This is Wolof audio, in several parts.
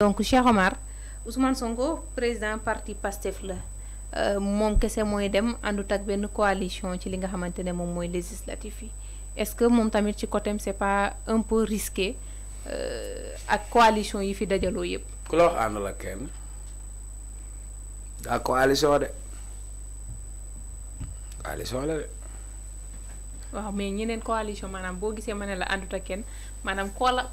donc Cheikh Omar Ousmane Sonko président partie PASTEF la euh, moom kese mooy dem àndut ak benn coalition ci li nga xamante ne moom mooy législatif yi est-ce que moom tamit ci côté c'est pas un peu risqué euh, ak coalition yi fi dajaloo yépp ku la wax ànd la kenn daa coalition de coalition la de. waaw mais ñeneen coalition maanaam boo gisee ma ne la àndut kenn. maanaam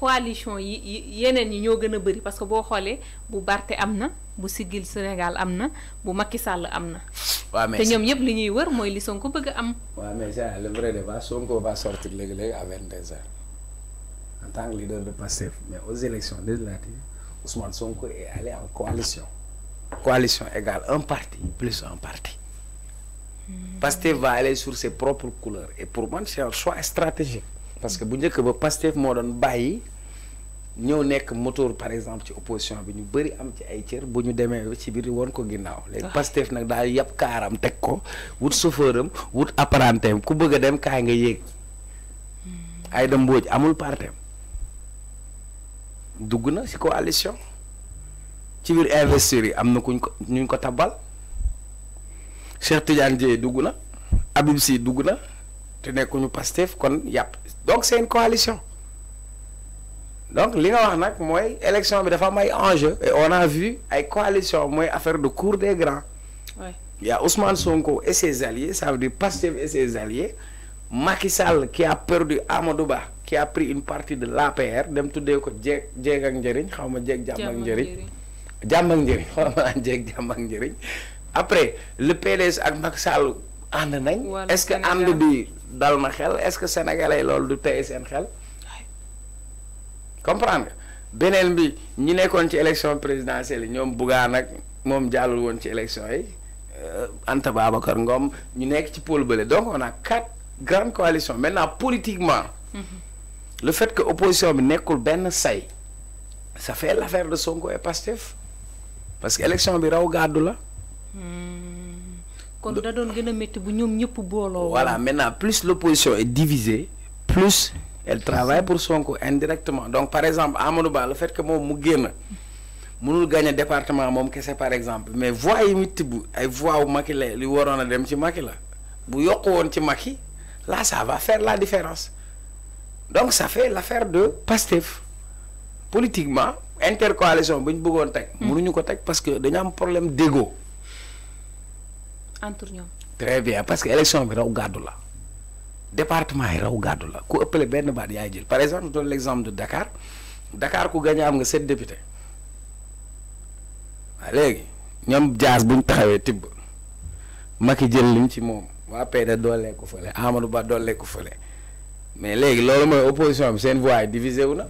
coalition yi yeneen yi ñoo gën a bëri parce que boo xoolee bu vous am na bu Siggil Sénégal am na bu Macky Sall am na. mais te ñoom yëpp li ñuy wër mooy li Sonko bëgg am. mais c'est le vrai débat Sonko va sortir de l'église à 22h en tant que leader de Pastef mais aux élections législatives Ousmane Sonko est allé en coalition. coalition égale un parti plus un parti. Hmm. Pastef va aller sur ses propres couleurs et pour moi c'est un choix stratégique. parce que bu njëkk ba Pastef moo doon bàyyi ñëw nekk motoor par exemple ci opposition bi ñu bëri am ci ay cër bu ñu demee ci biir woon ko ginnaaw léegi ah. Pastef nag daal yàpp kaaram teg ko wut chauffeur am wut apprenti ku bëgg a dem kaay nga yéeg hmm. Aïda Mbodj amul partem dugg na ci coalition ci biir investisseurs yi am na kuñ ko ñu ko tabal Cheikh Tidiane Dièye dugg na Habib Sy dugg na te nekkuñu Pastef kon yàpp donc c'est une coalition donc li nga wax nag mooy élection bi dafa am enjeu et on a vu ay coalition mooy affaire de cour des grands il y a Ousmane Sonko et ses alliés ça veut dire Pastef et ses alliés Macky Sall qui a perdu Amadou Ba qui a pris une partie de l'APR dem d'un ko jeeg jeeg ak njëriñ xaw ma jeeg jàmm ak njëriñ jàmm ak njëriñ ak après le PDS ak Macky Sall ànd nañ est-ce que ànd bi dal na xel est-ce que sénégalais loolu du teye seen xel comprendre nga beneen bi ñi nekkoon ci élection présidentielle ñoom Bougane ak moom jàllul woon ci élection yi euh, Anta Babacar Ngom ñu nekk ci pôle bële donc on a quatre grandes coalitions maintenant politiquement mhm. le fait que opposition bi nekkul benn say ça fait l'affaire de Sonko et Pastef parce que élection bi raw gàddu la voilà maintenant plus l'opposition est divisée plus elle travaille pour son coup, indirectement donc par exemple à le fait que mon gagne, mon gagne département que par exemple mais voix yi je suis ay voix wu li dem ci là ça va faire la différence donc ça fait l'affaire de Pastef politiquement intercoalition hmm. parce que dañu un problème d'ego en ñoom. très bien parce que élection bi raw gàddu la département yi raw gàddu la ku ëppale benn baat yaay jël par exemple donne l'exemple de Dakar Dakar ku gagné am nga sept députés waaw léegi ñoom jaas buñ taxawee tibb Macky jël liñ ci moom waa PDS doolee ko feulé Amadou Ba doolee ko feulé mais légui loolu moy opposition bi sen voix yi divisé wu na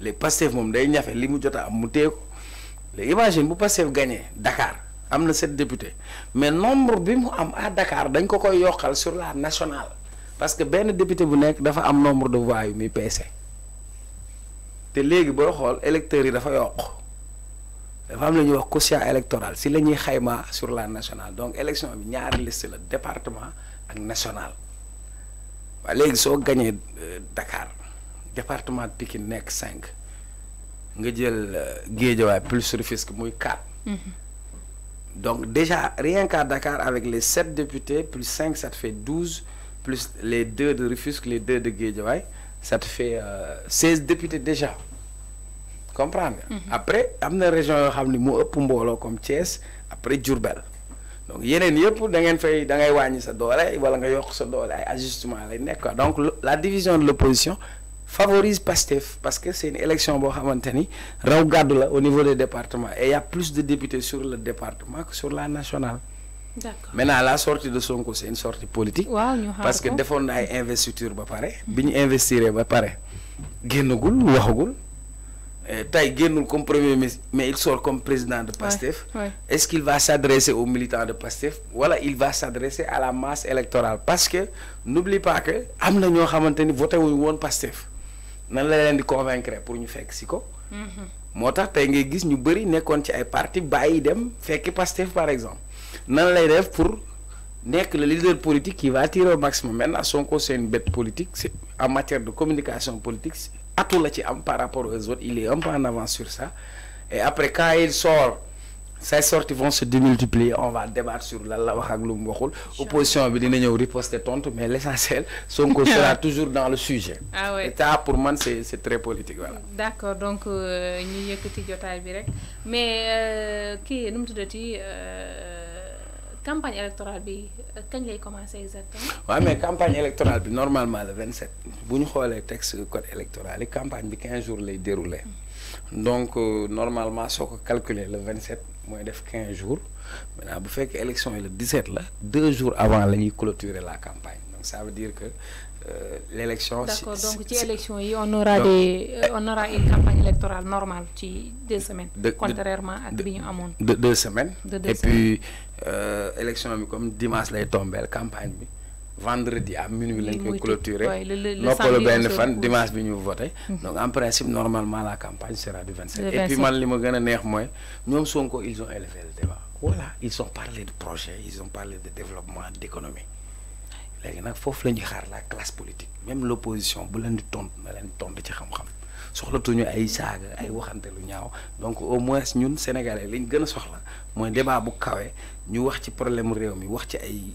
les passeurs mom day ñafé li mu jot am mu téye ko imagine bu passeur gagné Dakar amna cette députés mais nombre bi à Dakar dañ sur la nationale parce que ben député bu nek dafa nombre de voix mi pc té yi si sur la nationale donc élection bi département ak national gagné euh, Dakar département Pikine nga jël euh, plus donc déjà, rien qu'à Dakar, avec les 7 députés, plus 5, ça te fait 12, plus les deux de que les deux de Guédiouaï, ça te fait 16 euh, députés déjà. Comprendre. Mhm. Après, il y a une région qui comme Thiès, après Djurbel. Donc, il y a des gens qui ont fait des Donc, la division de l'opposition, favorise PASTEF parce que c'est une élection au niveau des départements et il y a plus de députés sur le département que sur la nationale. Maintenant, la sortie de Sonko, c'est une sortie politique. parce que des fois, on a une investiture, on pareil. Bien investir, le pareil. Il euh, y a un comme premier ministre, mais il sort comme président de PASTEF. Est-ce qu'il va s'adresser aux militants de PASTEF Voilà, il va s'adresser à la masse électorale. Parce que, n'oublie pas que, amna nyo xamanteni voté won PASTEF nan la leen di convaincre pour ñu fekk si ko. Mhm. moo tax tey ngay gis ñu bëri ci ay parti dem par exemple nan lay def pour que le leader politique qui va tirer au maximum maintenant Sonko c'est une bête politique en matière de communication politique À la ci am par rapport aux autres il est un peu en avance sur ça et après quand il sort ces sorties vont se démultiplier on va débattre sur la wax ak lu waxul opposition bi riposter mais l'essentiel son Sonko sera toujours dans le sujet ah pour moi c'est très politique voilà donc, nous euh, donc ñu yëkkati jotaay bi rek mais nous avons dit, la campagne électorale bi kañ lay commencé exactement. Oui, mais campagne électorale bi normalement le 27 nous ñu le texte code électoral la campagne bi 15 jours lay dérouler donc euh, normalement ça a calculer le 27 moins def 15 jours maintenant bu fait, l'élection est le 17 deux jours avant la clôturer la campagne donc ça veut dire que euh, l'élection. D'accord, donc si l'élection on aura euh, on aura une campagne électorale normale ci deux semaines. contrairement à deux semaines. deux semaines. et puis élection comme dimanche tombée, la campagne vendredi à minuit lañ koy clôturer pour le fan dimanche bi voter. Mhm. donc en principe normalement la campagne sera du 25. et puis man li ma dire que neex mooy ils ont élevé le débat voilà ils ont parlé de projet ils ont parlé de développement d'économie Il faut que la la classe politique même l'opposition bu leen di tontu na leen tontu ci xam-xam soxlatuñu ay saaga donc au moins ñun sénégalais nous gën a soxla le débat bu Nous ñu wax ci problème réew nous wax ci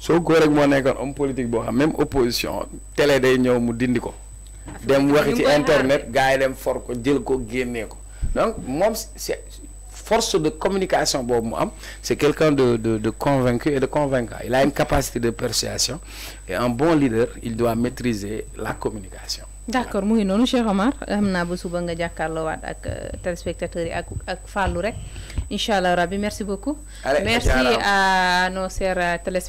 Sonko rek moo nekkoon homme politique boo même opposition télé day ñëw mu dindi ko. dem waxi ci internet gars yi dem for ko jël ko génnee ko donc moom c'est force de communication boobu mu am c'est quelqu'un de de de convaincu et de convaincant il a une capacité de persuasion et un bon leader il doit maîtriser la communication. d'accord mu ngi noonu Cheikh Omar xam naa ba suba nga jàkkaarloowaat ak euh, téléspectateurs yi ak ak rek rabbi merci beaucoup. merci à nos chers euh, téléspectateurs.